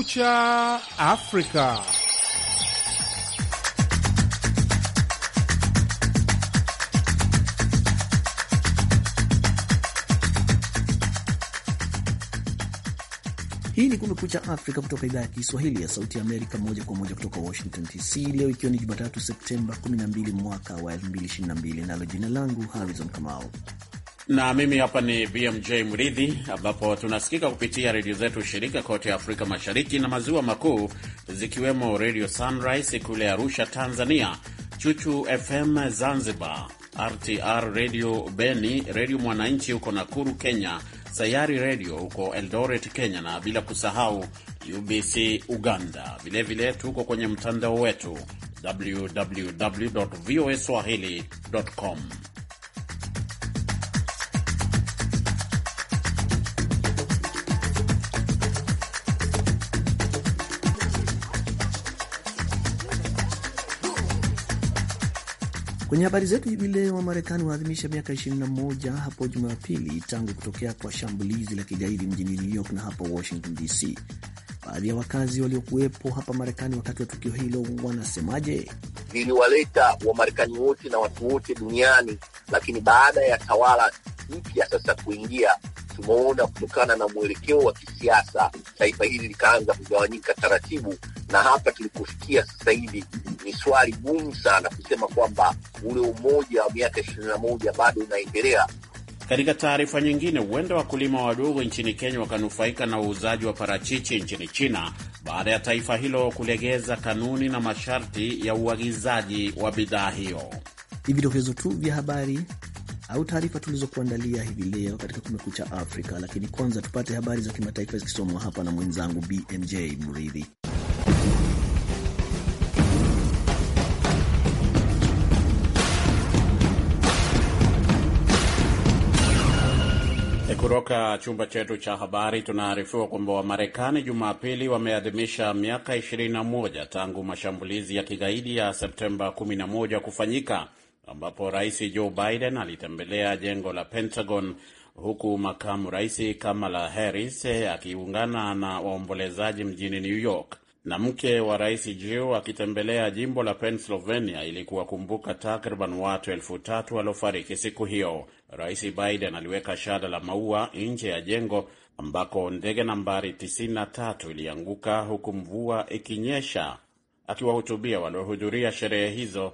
Kumekucha Afrika. Hii ni Kumekucha Afrika kutoka idhaa ya Kiswahili ya Sauti ya Amerika, moja kwa moja kutoka Washington DC, leo ikiwa ni Jumatatu Septemba 12 mwaka wa 2022, nalo jina langu Harrison Kamau na mimi hapa ni BMJ Mridhi, ambapo tunasikika kupitia redio zetu shirika kote Afrika Mashariki na Maziwa Makuu, zikiwemo Redio Sunrise kule Arusha Tanzania, Chuchu FM Zanzibar, RTR Redio Beni, Redio Mwananchi huko Nakuru Kenya, Sayari Redio huko Eldoret Kenya, na bila kusahau UBC Uganda. Vilevile tuko kwenye mtandao wetu www voa swahili.com. Kwenye habari zetu hivi leo, Wamarekani waadhimisha miaka 21 hapo Jumapili tangu kutokea kwa shambulizi la kigaidi mjini New York na hapa Washington DC. Baadhi ya wakazi waliokuwepo hapa Marekani wakati wa tukio hilo wanasemaje? Liliwaleta Wamarekani wote na watu wote duniani, lakini baada ya tawala mpya sasa kuingia tumeona kutokana na mwelekeo wa kisiasa taifa hili likaanza kugawanyika taratibu, na hapa tulikofikia sasa hivi ni swali gumu sana kusema kwamba ule umoja wa miaka ishirini na moja bado unaendelea. Katika taarifa nyingine, huenda wakulima wadogo nchini Kenya wakanufaika na uuzaji wa parachichi nchini China baada ya taifa hilo kulegeza kanuni na masharti ya uagizaji wa bidhaa hiyo. Ni vidokezo tu vya habari au taarifa tulizokuandalia hivi leo katika Kumekucha Afrika, lakini kwanza tupate habari za kimataifa zikisomwa hapa na mwenzangu BMJ Mridhi. E, kutoka chumba chetu cha habari tunaarifiwa kwamba Wamarekani Jumapili wameadhimisha miaka 21 tangu mashambulizi ya kigaidi ya Septemba 11 kufanyika ambapo Rais Joe Biden alitembelea jengo la Pentagon huku makamu rais Kamala Harris akiungana na waombolezaji mjini New York na mke wa rais Jill akitembelea jimbo la Pennsylvania ili kuwakumbuka takriban watu elfu tatu waliofariki siku hiyo. Rais Biden aliweka shada la maua nje ya jengo ambako ndege nambari 93 ilianguka huku mvua ikinyesha. Akiwahutubia waliohudhuria sherehe hizo,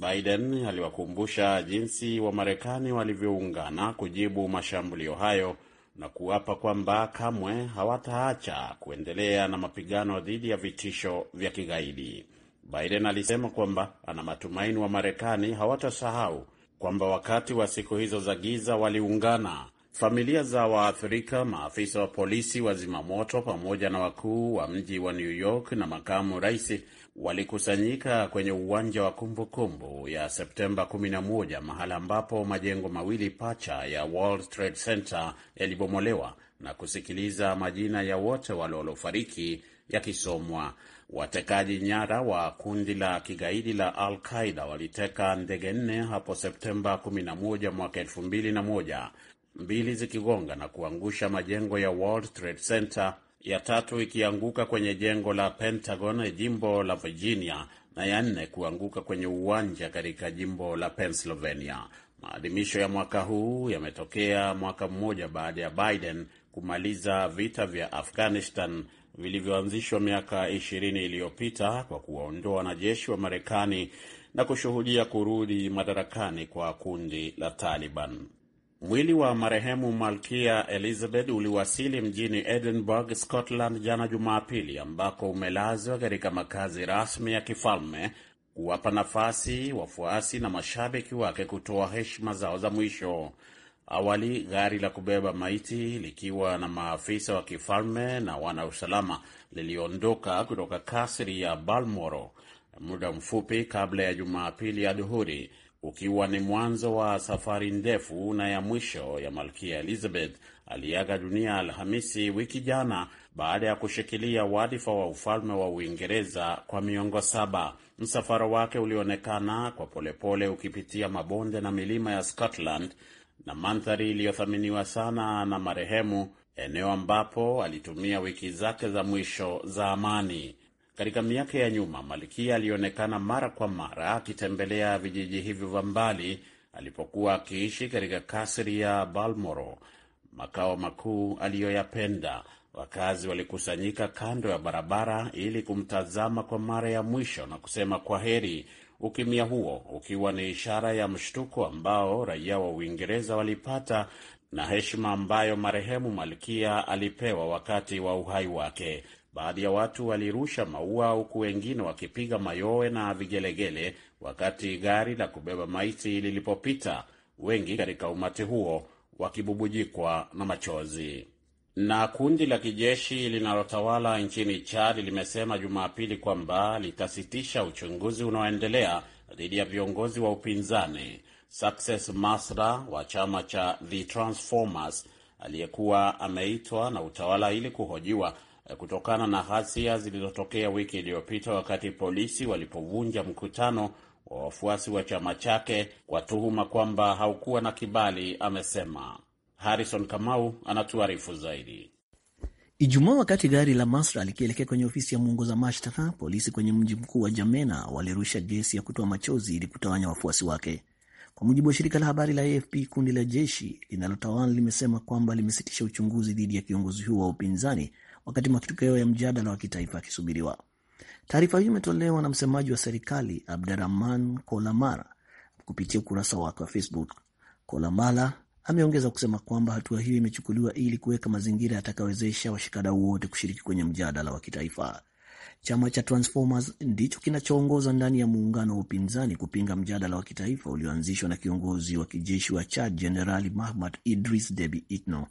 Biden aliwakumbusha jinsi Wamarekani walivyoungana kujibu mashambulio hayo na kuapa kwamba kamwe hawataacha kuendelea na mapigano dhidi ya vitisho vya kigaidi. Biden alisema kwamba ana matumaini wa Marekani hawatasahau kwamba wakati wa siku hizo za giza waliungana. Familia za waathirika, maafisa wa polisi wa zimamoto, pamoja na wakuu wa mji wa New York na makamu rais walikusanyika kwenye uwanja wa kumbukumbu ya Septemba 11 mahala ambapo majengo mawili pacha ya World Trade Center yalibomolewa na kusikiliza majina ya wote waliofariki yakisomwa. Watekaji nyara wa kundi la kigaidi la Al Qaida waliteka ndege nne hapo Septemba 11 mwaka 2001, mbili zikigonga na kuangusha majengo ya World Trade Center ya tatu ikianguka kwenye jengo la Pentagon jimbo la Virginia na ya nne kuanguka kwenye uwanja katika jimbo la Pennsylvania. Maadhimisho ya mwaka huu yametokea mwaka mmoja baada ya Biden kumaliza vita vya Afghanistan vilivyoanzishwa miaka ishirini iliyopita kwa kuwaondoa wanajeshi wa Marekani na kushuhudia kurudi madarakani kwa kundi la Taliban. Mwili wa marehemu Malkia Elizabeth uliwasili mjini Edinburgh, Scotland jana Jumapili, ambako umelazwa katika makazi rasmi ya kifalme kuwapa nafasi wafuasi na mashabiki wake kutoa heshima zao za mwisho. Awali gari la kubeba maiti likiwa na maafisa wa kifalme na wanausalama liliondoka kutoka kasri ya balmoro muda mfupi kabla ya Jumapili ya dhuhuri ukiwa ni mwanzo wa safari ndefu na ya mwisho ya Malkia Elizabeth aliaga dunia Alhamisi wiki jana baada ya kushikilia wadhifa wa ufalme wa Uingereza kwa miongo saba. Msafara wake ulionekana kwa polepole ukipitia mabonde na milima ya Scotland na mandhari iliyothaminiwa sana na marehemu, eneo ambapo alitumia wiki zake za mwisho za amani. Katika miaka ya nyuma, Malkia alionekana mara kwa mara akitembelea vijiji hivyo vya mbali alipokuwa akiishi katika kasri ya balmoro makao makuu aliyoyapenda. Wakazi walikusanyika kando ya barabara ili kumtazama kwa mara ya mwisho na kusema kwa heri, ukimya huo ukiwa ni ishara ya mshtuko ambao raia wa Uingereza walipata na heshima ambayo marehemu Malkia alipewa wakati wa uhai wake. Baadhi ya watu walirusha maua huku wengine wakipiga mayowe na vigelegele wakati gari la kubeba maiti lilipopita, wengi katika umati huo wakibubujikwa na machozi. Na kundi la kijeshi linalotawala nchini Chad limesema Jumapili kwamba litasitisha uchunguzi unaoendelea dhidi ya viongozi wa upinzani. Success Masra wa chama cha The Transformers aliyekuwa ameitwa na utawala ili kuhojiwa kutokana na ghasia zilizotokea wiki iliyopita wakati polisi walipovunja mkutano wa wafuasi wa chama chake kwa tuhuma kwamba haukuwa na kibali, amesema. Harrison Kamau anatuarifu zaidi. Ijumaa, wakati gari la Masra likielekea kwenye ofisi ya mwongoza mashtaka, polisi kwenye mji mkuu wa Jamena walirusha gesi ya kutoa machozi ili kutawanya wafuasi wake. Kwa mujibu wa shirika la habari la AFP, kundi la jeshi linalotawala limesema kwamba limesitisha uchunguzi dhidi ya kiongozi huo wa upinzani wakati matokeo ya mjadala wa kitaifa yakisubiriwa. Taarifa hiyo imetolewa na msemaji wa serikali Abdurahman Kolamara kupitia ukurasa wake wa Facebook. Kolamala ameongeza kusema kwamba hatua hiyo imechukuliwa ili kuweka mazingira yatakawezesha washikadau wote kushiriki kwenye mjadala wa kitaifa. Chama cha Transformers ndicho kinachoongoza ndani ya muungano wa upinzani kupinga mjadala wa kitaifa ulioanzishwa na kiongozi wa kijeshi wa Chad Jenerali Mahamat Idris Deby Itno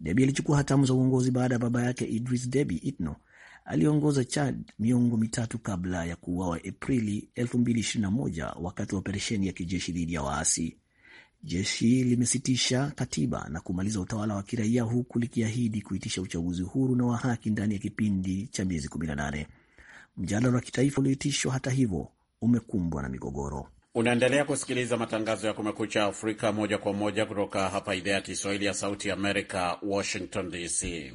Debi alichukua hatamu za uongozi baada ya baba yake Idris Debi Itno aliongoza Chad miongo mitatu kabla ya kuuawa Aprili 2021 wakati wa operesheni ya kijeshi dhidi ya waasi. Jeshi limesitisha katiba na kumaliza utawala wa kiraia huku likiahidi kuitisha uchaguzi huru na wa haki ndani ya kipindi cha miezi 18. Mjadala wa kitaifa ulioitishwa hata hivyo umekumbwa na migogoro. Unaendelea kusikiliza matangazo ya Kumekucha Afrika moja kwa moja kutoka hapa idhaa ya Kiswahili ya Sauti ya Amerika, Washington DC.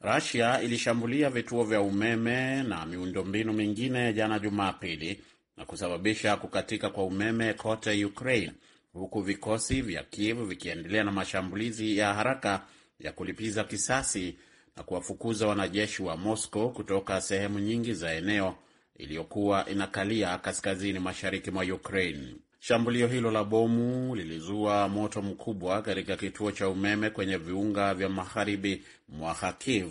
Rusia ilishambulia vituo vya umeme na miundombinu mingine jana Jumapili na kusababisha kukatika kwa umeme kote Ukraine, huku vikosi vya Kiev vikiendelea na mashambulizi ya haraka ya kulipiza kisasi na kuwafukuza wanajeshi wa Moscow kutoka sehemu nyingi za eneo iliyokuwa inakalia kaskazini mashariki mwa Ukraine. Shambulio hilo la bomu lilizua moto mkubwa katika kituo cha umeme kwenye viunga vya magharibi mwa Kharkiv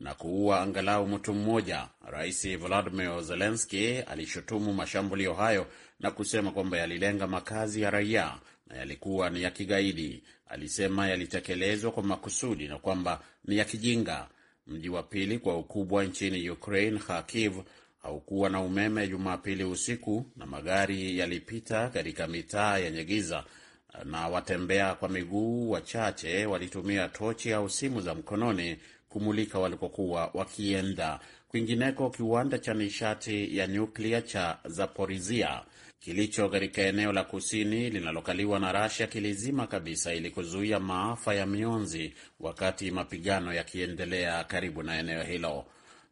na kuua angalau mtu mmoja. Rais Volodymyr Zelensky alishutumu mashambulio hayo na kusema kwamba yalilenga makazi ya raia na yalikuwa ni ya kigaidi. Alisema yalitekelezwa kwa makusudi na kwamba ni ya kijinga. Mji wa pili kwa ukubwa nchini Ukraine, Kharkiv, haukuwa na umeme Jumapili usiku na magari yalipita katika mitaa yenye giza na watembea kwa miguu wachache walitumia tochi au simu za mkononi kumulika walikokuwa wakienda. Kwingineko, kiwanda cha nishati ya nyuklia cha Zaporizia kilicho katika eneo la kusini linalokaliwa na Rasia kilizima kabisa ili kuzuia maafa ya mionzi wakati mapigano yakiendelea karibu na eneo hilo.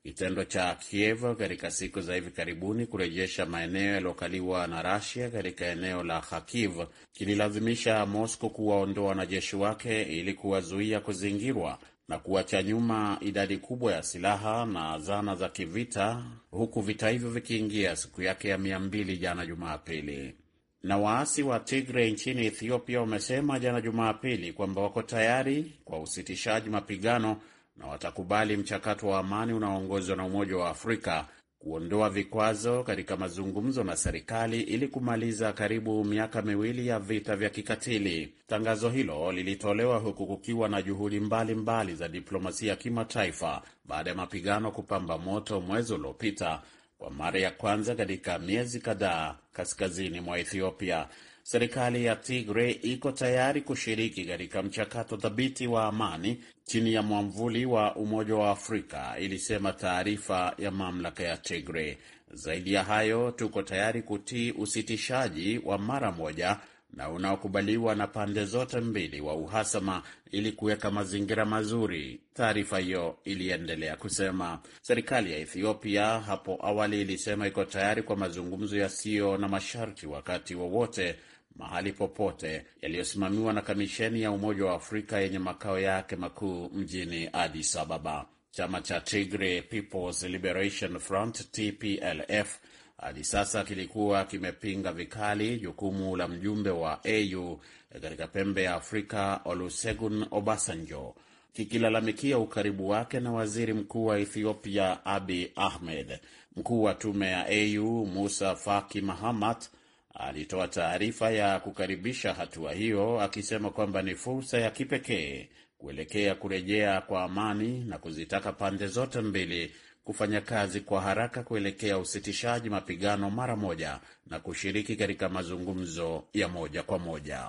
Kitendo cha Kiev katika siku za hivi karibuni kurejesha maeneo yaliyokaliwa na Rasia katika eneo la Kharkiv kililazimisha Moscow kuwaondoa wanajeshi wake ili kuwazuia kuzingirwa na kuacha nyuma idadi kubwa ya silaha na zana za kivita, huku vita hivyo vikiingia siku yake ya mia mbili jana Jumapili. Na waasi wa Tigray nchini Ethiopia wamesema jana Jumapili kwamba wako tayari kwa usitishaji mapigano na watakubali mchakato wa amani unaoongozwa na Umoja wa Afrika kuondoa vikwazo katika mazungumzo na serikali ili kumaliza karibu miaka miwili ya vita vya kikatili. Tangazo hilo lilitolewa huku kukiwa na juhudi mbalimbali mbali za diplomasia ya kimataifa baada ya mapigano kupamba moto mwezi uliopita kwa mara ya kwanza katika miezi kadhaa kaskazini mwa Ethiopia serikali ya Tigray iko tayari kushiriki katika mchakato thabiti wa amani chini ya mwamvuli wa Umoja wa Afrika, ilisema taarifa ya mamlaka ya Tigray. Zaidi ya hayo, tuko tayari kutii usitishaji wa mara moja na unaokubaliwa na pande zote mbili wa uhasama ili kuweka mazingira mazuri, taarifa hiyo iliendelea kusema. Serikali ya Ethiopia hapo awali ilisema iko tayari kwa mazungumzo yasiyo na masharti wakati wowote wa mahali popote yaliyosimamiwa na kamisheni ya Umoja wa Afrika yenye makao yake makuu mjini Addis Ababa. Chama cha Tigray People's Liberation Front TPLF hadi sasa kilikuwa kimepinga vikali jukumu la mjumbe wa AU katika pembe ya Afrika Olusegun Obasanjo, kikilalamikia ukaribu wake na waziri mkuu wa Ethiopia Abiy Ahmed. Mkuu wa tume ya AU Musa Faki Mahamat alitoa taarifa ya kukaribisha hatua hiyo akisema kwamba ni fursa ya kipekee kuelekea kurejea kwa amani na kuzitaka pande zote mbili kufanya kazi kwa haraka kuelekea usitishaji mapigano mara moja na kushiriki katika mazungumzo ya moja kwa moja.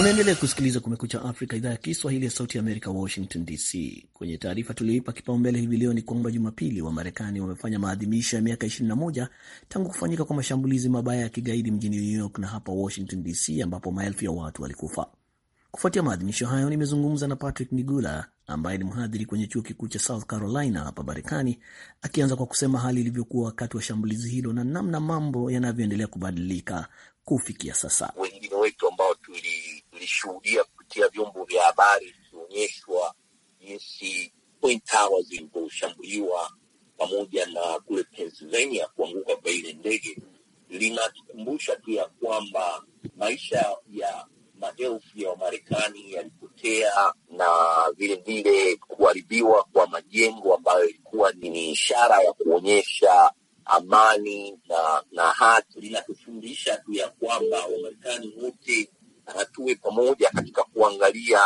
Unaendelea kusikiliza Kumekucha Afrika, idhaa ya Kiswahili ya Sauti ya Amerika, Washington DC. Kwenye taarifa tulioipa kipaumbele hivi leo ni kwamba Jumapili Wamarekani wamefanya maadhimisho ya miaka 21 tangu kufanyika kwa mashambulizi mabaya ya kigaidi mjini New York na hapa Washington DC, ambapo maelfu ya watu walikufa. Kufuatia maadhimisho hayo, nimezungumza na Patrick Nigula ambaye ni mhadhiri kwenye chuo kikuu cha South Carolina hapa Marekani, akianza kwa kusema hali ilivyokuwa wakati wa shambulizi hilo na namna mambo yanavyoendelea kubadilika kufikia sasa. Wengine wetu ambao tuli tulishuhudia kupitia vyombo vya habari vikionyeshwa jinsi Twin Towers zilivyoshambuliwa pamoja na kule Pennsylvania kuanguka kwa ile ndege, linatukumbusha tu ya kwamba maisha ya maelfu ya Wamarekani yalipotea na vilevile kuharibiwa kwa majengo ambayo ilikuwa ni ishara ya kuonyesha amani na na haki. Linatufundisha tu ya kwamba Wamarekani wote tuwe pamoja katika kuangalia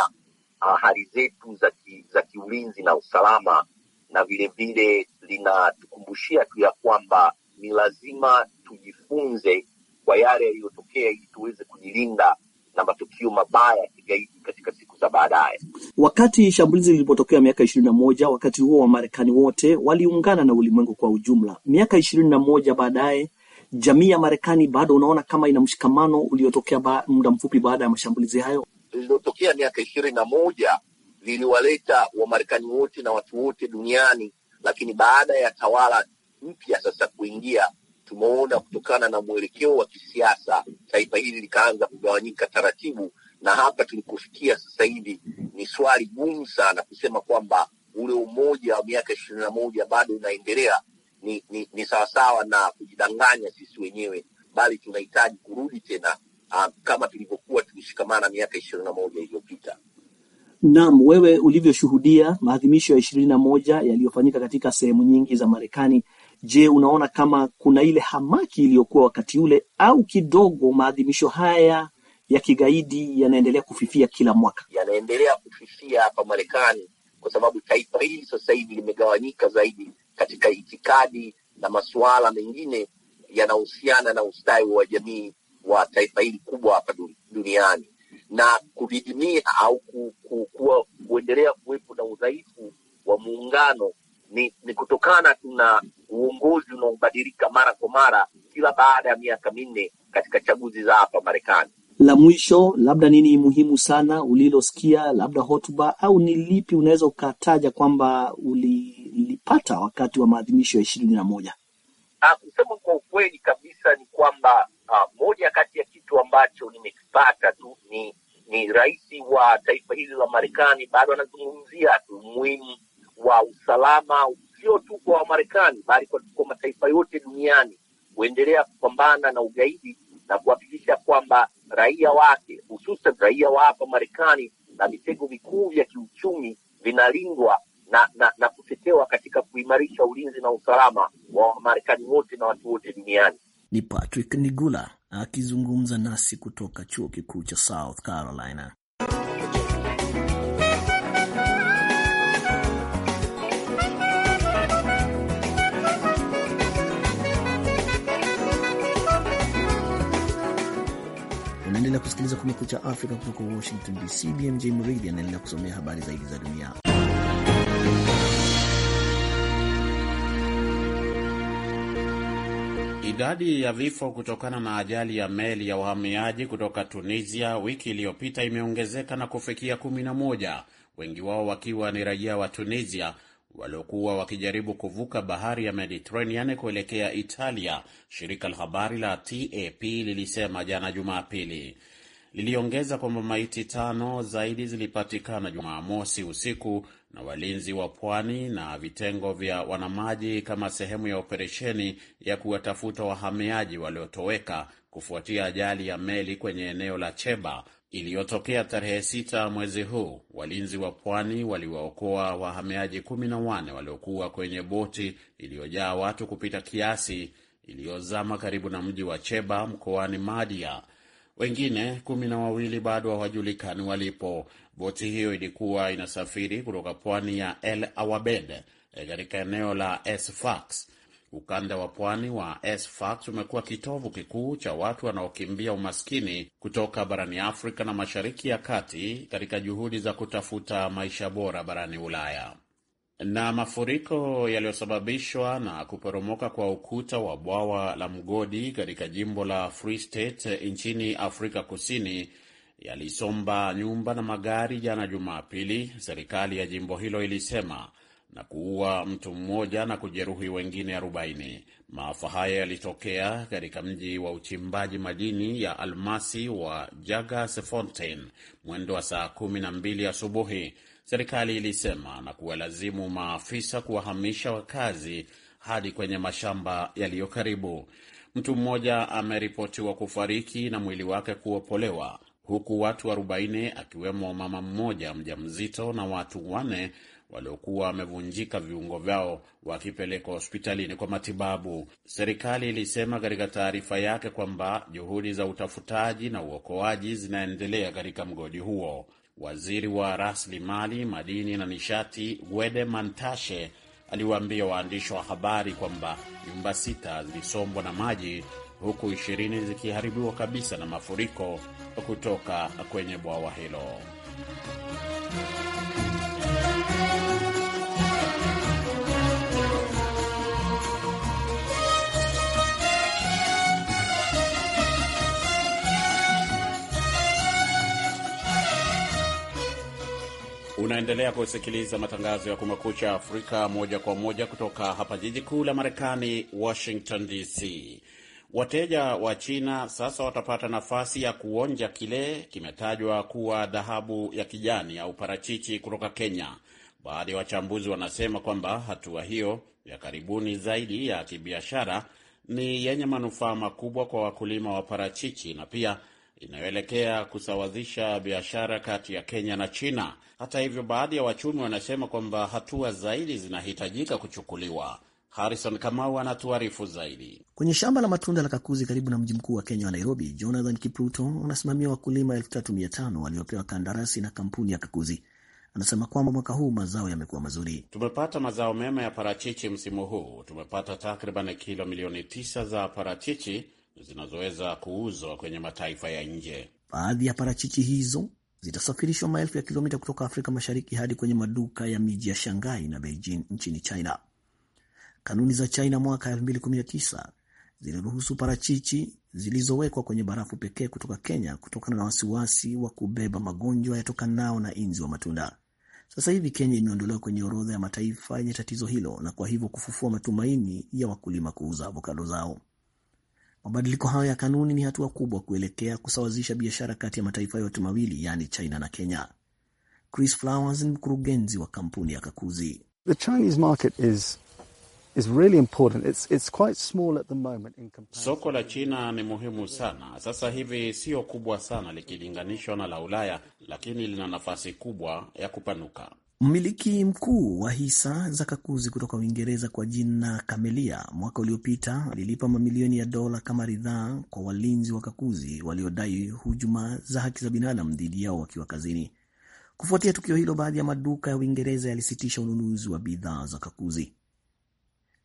uh, hali zetu za, ki, za kiulinzi na usalama, na vilevile linatukumbushia tu ya kwamba ni lazima tujifunze kwa yale yaliyotokea ili tuweze kujilinda na matukio mabaya ya kigaidi katika siku za baadaye. Wakati shambulizi lilipotokea miaka ishirini na moja, wakati huo Wamarekani wote waliungana na ulimwengu kwa ujumla. Miaka ishirini na moja baadaye jamii ya Marekani bado unaona kama ina mshikamano uliotokea ba, muda mfupi baada ya mashambulizi hayo lililotokea miaka ishirini na moja liliwaleta Wamarekani wote na watu wote duniani, lakini baada ya tawala mpya sasa kuingia, tumeona kutokana na mwelekeo wa kisiasa taifa hili likaanza kugawanyika taratibu, na hapa tulikofikia sasa hivi ni swali gumu sana kusema kwamba ule umoja wa miaka ishirini na moja bado unaendelea ni, ni, ni sawasawa na kujidanganya sisi wenyewe, bali tunahitaji kurudi tena uh, kama tulivyokuwa tukishikamana miaka ishirini na moja iliyopita. Naam, wewe ulivyoshuhudia maadhimisho ya ishirini na moja yaliyofanyika katika sehemu nyingi za Marekani, je, unaona kama kuna ile hamaki iliyokuwa wakati ule au kidogo maadhimisho haya ya kigaidi yanaendelea kufifia kila mwaka? Yanaendelea kufifia hapa Marekani kwa sababu taifa hili sasa hivi limegawanyika zaidi katika itikadi na masuala mengine yanahusiana na ustawi wa jamii wa taifa hili kubwa hapa duniani na kudidimia au ku, ku, ku, kuendelea kuwepo na udhaifu wa muungano ni, ni kutokana tu na uongozi unaobadilika mara kwa mara kila baada ya miaka minne katika chaguzi za hapa Marekani la mwisho, labda nini muhimu sana ulilosikia, labda hotuba au ni lipi unaweza ukataja kwamba ulilipata wakati wa maadhimisho ya ishirini na moja? Ah, kusema kwa ukweli kabisa ni kwamba uh, moja kati ya kitu ambacho nimekipata tu ni ni rais wa taifa hili la Marekani bado anazungumzia tu umuhimu wa usalama, sio tu kwa Wamarekani bali kwa mataifa yote duniani kuendelea kupambana na ugaidi na kuhakikisha kwamba raia wake hususan raia wa hapa Marekani na vitengo vikuu vya kiuchumi vinalindwa na, na, na kutetewa katika kuimarisha ulinzi na usalama wa Wamarekani wote na watu wote duniani. Ni Patrick Nigula akizungumza nasi kutoka chuo kikuu cha South Carolina. Unaendelea kusikiliza Kumekucha Afrika kutoka Washington DC. BMJ Mridhi anaendelea kusomea habari zaidi za dunia. Idadi ya vifo kutokana na ajali ya meli ya wahamiaji kutoka Tunisia wiki iliyopita imeongezeka na kufikia 11, wengi wao wakiwa ni raia wa Tunisia waliokuwa wakijaribu kuvuka bahari ya Mediterranean kuelekea Italia, shirika la habari la TAP lilisema jana Jumapili. Liliongeza kwamba maiti tano zaidi zilipatikana Jumamosi usiku na walinzi wa pwani na vitengo vya wanamaji kama sehemu ya operesheni ya kuwatafuta wahamiaji waliotoweka kufuatia ajali ya meli kwenye eneo la Cheba iliyotokea tarehe sita mwezi huu, walinzi wa pwani waliwaokoa wahamiaji kumi na wane waliokuwa kwenye boti iliyojaa watu kupita kiasi iliyozama karibu na mji wa Cheba mkoani Madia. Wengine kumi na wawili bado hawajulikani walipo. Boti hiyo ilikuwa inasafiri kutoka pwani ya El Awabed eh, katika eneo la Sfax Ukanda wa pwani wa Sfax umekuwa kitovu kikuu cha watu wanaokimbia umaskini kutoka barani Afrika na Mashariki ya Kati katika juhudi za kutafuta maisha bora barani Ulaya. Na mafuriko yaliyosababishwa na kuporomoka kwa ukuta wa bwawa la mgodi katika jimbo la Free State nchini Afrika Kusini yalisomba nyumba na magari jana Jumapili, serikali ya jimbo hilo ilisema na kuua mtu mmoja na kujeruhi wengine 40. Maafa haya yalitokea katika mji wa uchimbaji madini ya almasi wa Jagersfontein mwendo wa saa 12 asubuhi, serikali ilisema, na kuwalazimu maafisa kuwahamisha wakazi hadi kwenye mashamba yaliyo karibu. Mtu mmoja ameripotiwa kufariki na mwili wake kuopolewa huku watu 40 akiwemo mama mmoja mjamzito na watu wanne waliokuwa wamevunjika viungo vyao wakipelekwa hospitalini kwa matibabu. Serikali ilisema katika taarifa yake kwamba juhudi za utafutaji na uokoaji zinaendelea katika mgodi huo. Waziri wa rasilimali madini na nishati Gwede Mantashe aliwaambia waandishi wa habari kwamba nyumba sita zilisombwa na maji huku ishirini zikiharibiwa kabisa na mafuriko kutoka kwenye bwawa hilo. Unaendelea kusikiliza matangazo ya Kumekucha Afrika moja kwa moja kutoka hapa jiji kuu la Marekani, Washington DC. Wateja wa China sasa watapata nafasi ya kuonja kile kimetajwa kuwa dhahabu ya kijani au parachichi kutoka Kenya. Baadhi ya wachambuzi wanasema kwamba hatua hiyo ya karibuni zaidi ya kibiashara ni yenye manufaa makubwa kwa wakulima wa parachichi na pia inayoelekea kusawazisha biashara kati ya Kenya na China. Hata hivyo, baadhi ya wachumi wanasema kwamba hatua zaidi zinahitajika kuchukuliwa. Harrison Kamau anatuarifu zaidi. Kwenye shamba la matunda la Kakuzi karibu na mji mkuu wa Kenya wa Nairobi, Jonathan Kipruto anasimamia wakulima 3500 waliopewa kandarasi na kampuni ya Kakuzi. Anasema kwamba mwaka huu mazao yamekuwa mazuri. Tumepata mazao mema ya parachichi msimu huu, tumepata takriban kilo milioni tisa za parachichi zinazoweza kuuzwa kwenye mataifa ya nje. Baadhi ya parachichi hizo zitasafirishwa maelfu ya kilomita kutoka Afrika Mashariki hadi kwenye maduka ya miji ya Shanghai na Beijing nchini China. Kanuni za China mwaka 2019 ziliruhusu parachichi zilizowekwa kwenye barafu pekee kutoka Kenya kutokana na wasiwasi wa kubeba magonjwa yatokanao na inzi wa matunda. Sasa hivi Kenya imeondolewa kwenye orodha ya mataifa yenye tatizo hilo, na kwa hivyo kufufua matumaini ya wakulima kuuza avokado zao. Mabadiliko hayo ya kanuni ni hatua kubwa kuelekea kusawazisha biashara kati ya mataifa yote mawili yaani China na Kenya. Chris Flowers ni mkurugenzi wa kampuni ya Kakuzi. Soko la China ni muhimu sana sasa hivi, siyo kubwa sana likilinganishwa na la Ulaya, lakini lina nafasi kubwa ya kupanuka. Mmiliki mkuu wa hisa za Kakuzi kutoka Uingereza kwa jina kamelia mwaka uliopita alilipa mamilioni ya dola kama ridhaa kwa walinzi wa Kakuzi waliodai hujuma za haki za binadamu dhidi yao wakiwa kazini. Kufuatia tukio hilo, baadhi ya maduka ya Uingereza yalisitisha ununuzi wa bidhaa za Kakuzi.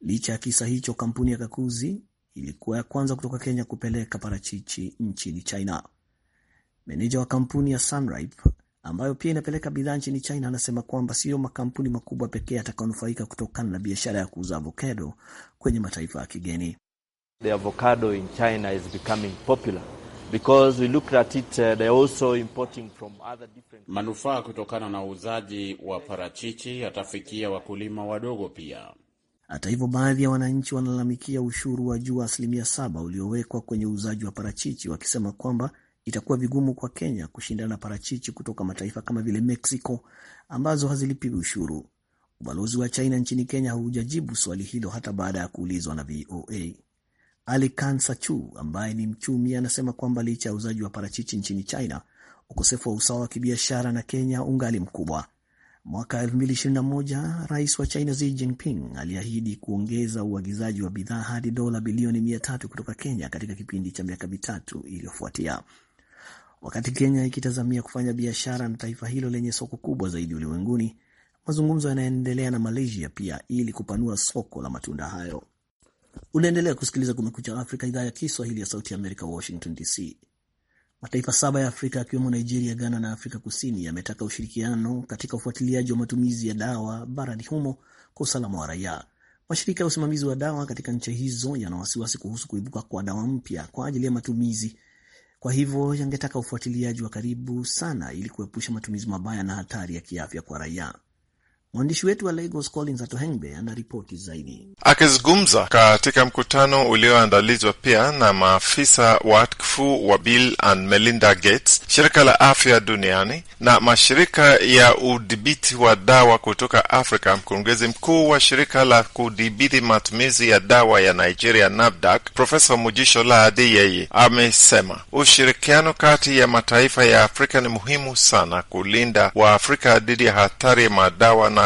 Licha ya kisa hicho, kampuni ya Kakuzi ilikuwa ya kwanza kutoka Kenya kupeleka parachichi nchini China. Meneja wa kampuni ya Sunripe ambayo pia inapeleka bidhaa nchini China, anasema kwamba siyo makampuni makubwa pekee yatakaonufaika kutokana na biashara ya kuuza avocado kwenye mataifa ya kigeni. Uh, Manufaa kutokana na uuzaji wa parachichi yatafikia wakulima wadogo pia. Hata hivyo, baadhi ya wananchi wanalalamikia ushuru wa juu wa asilimia saba uliowekwa kwenye uuzaji wa parachichi, wakisema kwamba itakuwa vigumu kwa Kenya kushindana na parachichi kutoka mataifa kama vile Mexico ambazo hazilipiwi ushuru. Ubalozi wa China nchini Kenya haujajibu swali hilo hata baada ya kuulizwa na VOA. Ali Kansa Sachu ambaye ni mchumi anasema kwamba licha ya uuzaji wa parachichi nchini China, ukosefu wa usawa wa kibiashara na Kenya ungali mkubwa. Mwaka 2021 rais wa China Xi Jinping aliahidi kuongeza uagizaji wa bidhaa hadi dola bilioni 300 kutoka Kenya katika kipindi cha miaka mitatu iliyofuatia wakati Kenya ikitazamia kufanya biashara na taifa hilo lenye soko kubwa zaidi ulimwenguni. Mazungumzo yanaendelea na Malaysia pia ili kupanua soko la matunda hayo. Unaendelea kusikiliza Kumekucha Afrika, idhaa ya Kiswahili ya Sauti ya Amerika, Washington DC. Mataifa saba ya Afrika yakiwemo Nigeria, Ghana na Afrika Kusini yametaka ushirikiano katika ufuatiliaji wa matumizi ya dawa barani humo kwa usalama wa raia. Mashirika ya usimamizi wa dawa katika nchi hizo yana wasiwasi kuhusu kuibuka kwa dawa mpya kwa ajili ya matumizi kwa hivyo yangetaka ufuatiliaji wa karibu sana ili kuepusha matumizi mabaya na hatari ya kiafya kwa raia. Mwandishi wetu wa Lagos Collins Atohengbe anaripoti zaidi. Akizungumza katika mkutano ulioandalizwa pia na maafisa wakfu wa Bill and Melinda Gates, shirika la afya duniani na mashirika ya udhibiti wa dawa kutoka Afrika, mkurugenzi mkuu wa shirika la kudhibiti matumizi ya dawa ya Nigeria NAFDAC, Profesa Mujishola Adeyeye amesema ushirikiano kati ya mataifa ya Afrika ni muhimu sana kulinda Waafrika dhidi ya hatari ya madawa na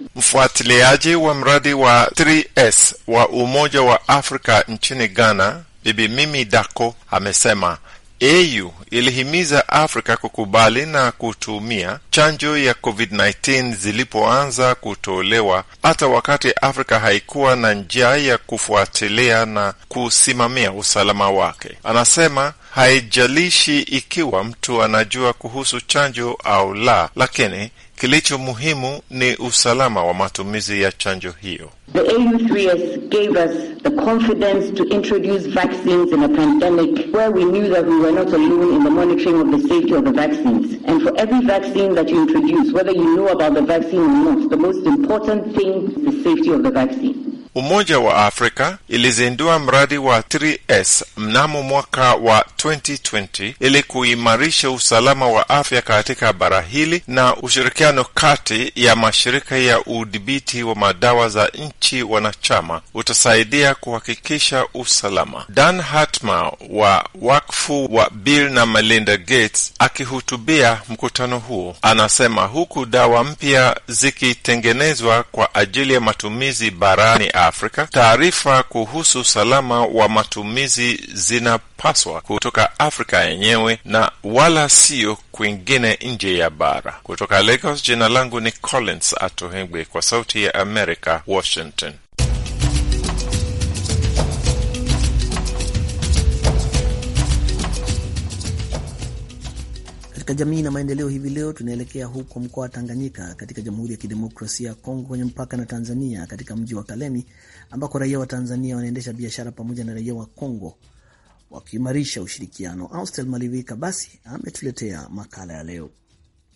Mfuatiliaji wa mradi wa 3S wa Umoja wa Afrika nchini Ghana, Bibi Mimi daco amesema AU ilihimiza Afrika kukubali na kutumia chanjo ya COVID-19 zilipoanza kutolewa hata wakati Afrika haikuwa na njia ya kufuatilia na kusimamia usalama wake. Anasema haijalishi ikiwa mtu anajua kuhusu chanjo au la, lakini Kilicho muhimu ni usalama wa matumizi ya chanjo hiyo. The AU3S gave us the confidence to introduce vaccines in a pandemic where we knew that we were not alone in the monitoring of the safety of the vaccines. And for every vaccine that you introduce, whether you know about the vaccine or not, the most important thing is the safety of the vaccine. Umoja wa Afrika ilizindua mradi wa 3S mnamo mwaka wa 2020 ili kuimarisha usalama wa afya katika bara hili na ushirikiano kati ya mashirika ya udhibiti wa madawa za nchi nchi wanachama utasaidia kuhakikisha usalama. Dan Hatma wa wakfu wa Bill na Melinda Gates akihutubia mkutano huo anasema huku dawa mpya zikitengenezwa kwa ajili ya matumizi barani Afrika, taarifa kuhusu usalama wa matumizi zina inapaswa kutoka Afrika yenyewe na wala siyo kwingine nje ya bara. Kutoka Lagos, jina langu ni Collins Atohegwe kwa Sauti ya america Washington. Katika jamii na maendeleo, hivi leo tunaelekea huko mkoa wa Tanganyika katika Jamhuri ya Kidemokrasia ya Kongo kwenye mpaka na Tanzania, katika mji wa Kalemi ambako raia wa Tanzania wanaendesha biashara pamoja na raia wa Kongo wakiimarisha ushirikiano. Austel Malivika basi ametuletea makala ya leo.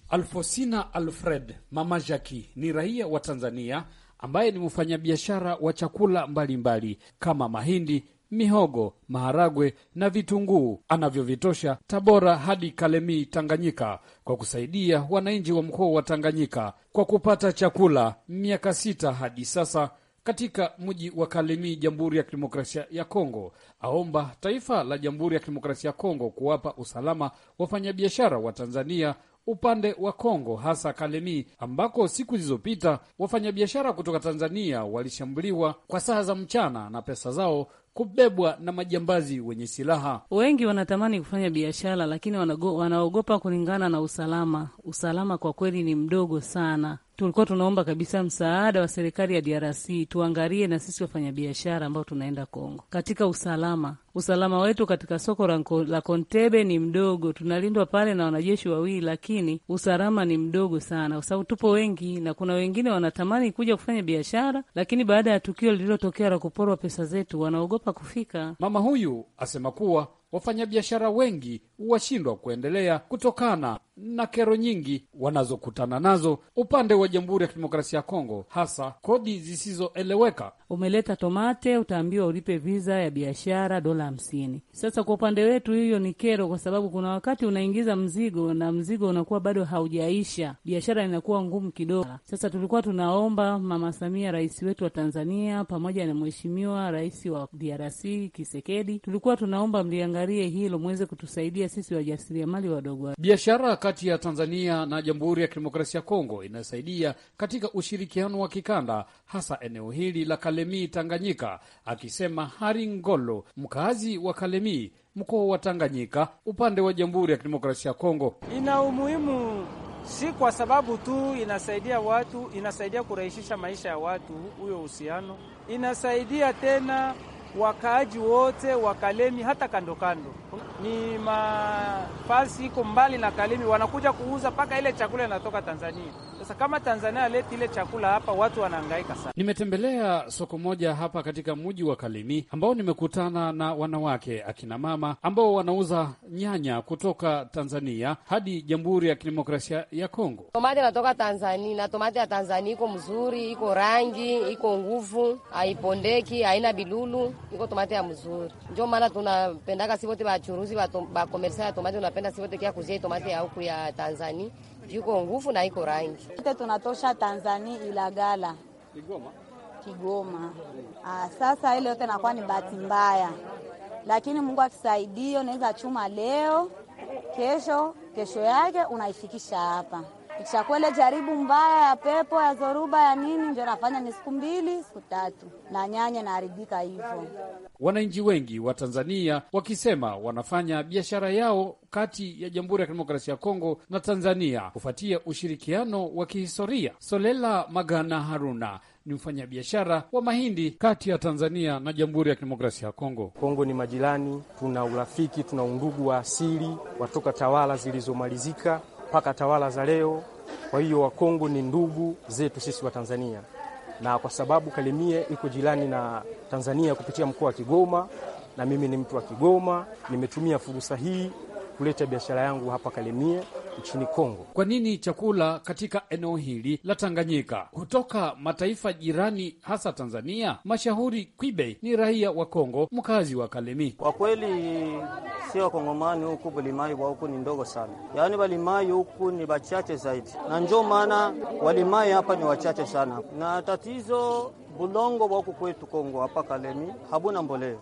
Alfosina Alfred Mama Jaki ni raia wa Tanzania ambaye ni mfanyabiashara wa chakula mbalimbali mbali, kama mahindi, mihogo, maharagwe na vitunguu anavyovitosha Tabora hadi Kalemie, Tanganyika, kwa kusaidia wananchi wa mkoa wa Tanganyika kwa kupata chakula miaka sita hadi sasa katika mji wa Kalemi, Jamhuri ya Kidemokrasia ya Kongo, aomba taifa la Jamhuri ya Kidemokrasia ya Kongo kuwapa usalama wafanyabiashara wa Tanzania upande wa Kongo, hasa Kalemi ambako siku zilizopita wafanyabiashara kutoka Tanzania walishambuliwa kwa saa za mchana na pesa zao kubebwa na majambazi wenye silaha. Wengi wanatamani kufanya biashara, lakini wanaogopa kulingana na usalama. Usalama kwa kweli ni mdogo sana tulikuwa tunaomba kabisa msaada wa serikali ya DRC tuangalie na sisi wafanyabiashara ambao tunaenda Kongo katika usalama. Usalama wetu katika soko la Kontebe ni mdogo, tunalindwa pale na wanajeshi wawili, lakini usalama ni mdogo sana, kwa sababu tupo wengi na kuna wengine wanatamani kuja kufanya biashara, lakini baada ya tukio lililotokea la kuporwa pesa zetu wanaogopa kufika. Mama huyu asema kuwa wafanyabiashara wengi huwashindwa kuendelea kutokana na kero nyingi wanazokutana nazo upande wa Jamhuri ya Kidemokrasia ya Kongo, hasa kodi zisizoeleweka. Umeleta tomate, utaambiwa ulipe viza ya biashara dola hamsini. Sasa kwa upande wetu hiyo ni kero, kwa sababu kuna wakati unaingiza mzigo na mzigo unakuwa bado haujaisha, biashara inakuwa ngumu kidogo. Sasa tulikuwa tunaomba Mama Samia, rais wetu wa Tanzania, pamoja na Mheshimiwa Rais wa DRC Kisekedi, tulikuwa tunaomba mliangalie hilo, mweze kutusaidia sisi wajasiriamali wadogo. Biashara kati ya Tanzania na Jamhuri ya Kidemokrasia ya Kongo inasaidia katika ushirikiano wa kikanda, hasa eneo hili la Kalemie, Tanganyika, akisema Hari Ngolo, mkazi wa Kalemie, mkoa wa Tanganyika, upande wa Jamhuri ya Kidemokrasia ya Kongo. Ina umuhimu si kwa sababu tu inasaidia watu, inasaidia kurahisisha maisha ya watu, huyo uhusiano inasaidia tena wakaaji wote wa Kalemi hata kando kando, ni mafasi iko mbali na Kalemi, wanakuja kuuza mpaka ile chakula inatoka Tanzania. Sasa kama Tanzania leti ile chakula hapa, watu wanahangaika sana. Nimetembelea soko moja hapa katika mji wa Kalimi ambao nimekutana na wanawake akina mama ambao wanauza nyanya kutoka Tanzania hadi Jamhuri ya Kidemokrasia ya Kongo. Tomate natoka Tanzania na tomate ya Tanzania iko mzuri, iko rangi, iko nguvu, haipondeki, haina bilulu, iko tomate ya mzuri. Ndio maana tunapendaka sivote wote wachuruzi komersa ya tomate, tunapenda sivote kia kuzia tomate ya huku ya Tanzania iko nguvu na iko rangi. Tunatosha Tanzania Ilagala Kigoma, Kigoma. Ah, sasa ile yote inakuwa ni bahati mbaya, lakini Mungu akisaidia unaweza chuma leo, kesho, kesho yake unaifikisha hapa chakwele jaribu mbaya ya pepo ya zoruba ya nini, ndio nafanya ni siku mbili siku tatu, na nyanya naharibika hivyo. Wananchi wengi wa Tanzania wakisema wanafanya biashara yao kati ya Jamhuri ya Kidemokrasia ya Kongo na Tanzania kufuatia ushirikiano wa kihistoria. Solela Magana Haruna ni mfanyabiashara wa mahindi kati ya Tanzania na Jamhuri ya Kidemokrasia ya Kongo. Kongo ni majirani, tuna urafiki, tuna undugu wa asili watoka tawala zilizomalizika mpaka tawala za leo. Kwa hiyo Wakongo ni ndugu zetu sisi wa Tanzania, na kwa sababu Kalemie iko jirani na Tanzania kupitia mkoa wa Kigoma, na mimi ni mtu wa Kigoma, nimetumia fursa hii kuleta biashara yangu hapa Kalemie nchini Kongo. Kwa nini chakula katika eneo hili la Tanganyika kutoka mataifa jirani hasa Tanzania? Mashahuri Kwibe ni raia wa Kongo, mkazi wa Kalemie. Kwa kweli si wakongomani huku, bulimai wa huku ni ndogo sana, yaani walimai huku ni wachache zaidi, na njo maana walimai hapa ni wachache sana, na tatizo bulongo wako kwetu Kongo hapa Kalemi habuna mbolea,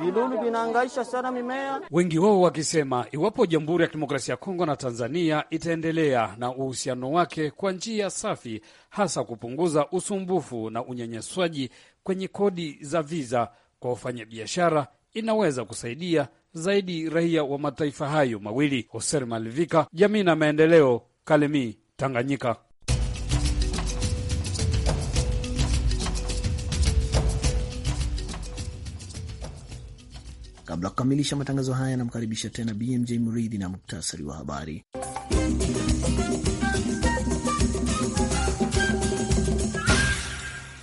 vilulu vinaangaisha sana mimea. Wengi wao wakisema iwapo Jamhuri ya Kidemokrasia ya Kongo na Tanzania itaendelea na uhusiano wake kwa njia safi, hasa kupunguza usumbufu na unyenyeswaji kwenye kodi za viza kwa wafanyabiashara, inaweza kusaidia zaidi raia wa mataifa hayo mawili. Hoser Malivika, jamii na maendeleo, Kalemi, Tanganyika. Kabla ya kukamilisha matangazo haya, namkaribisha tena BMJ Mridhi na muktasari wa habari.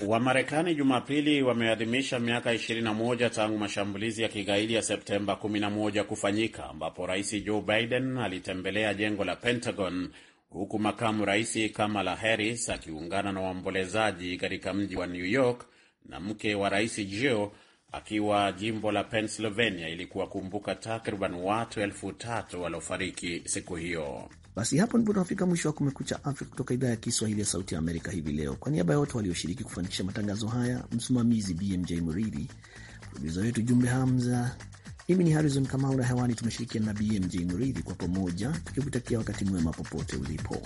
Wamarekani Jumapili wameadhimisha miaka 21 tangu mashambulizi ya kigaidi ya Septemba 11 kufanyika, ambapo Rais Joe Biden alitembelea jengo la Pentagon huku makamu rais Kamala Harris akiungana na waombolezaji katika mji wa New York na mke wa rais Jill akiwa jimbo la Pennsylvania ili kuwakumbuka takriban watu elfu tatu waliofariki siku hiyo. Basi hapo ndipo tunafika mwisho wa Kumekucha Afrika kutoka idhaa ya Kiswahili ya Sauti ya Amerika hivi leo. Kwa niaba ya wote walioshiriki kufanikisha matangazo haya, msimamizi BMJ Mridhi, produsa wetu Jumbe Hamza, mimi ni Harrison Kamau na hewani tumeshirikiana na BMJ Mridhi, kwa pamoja tukikutakia wakati mwema popote ulipo.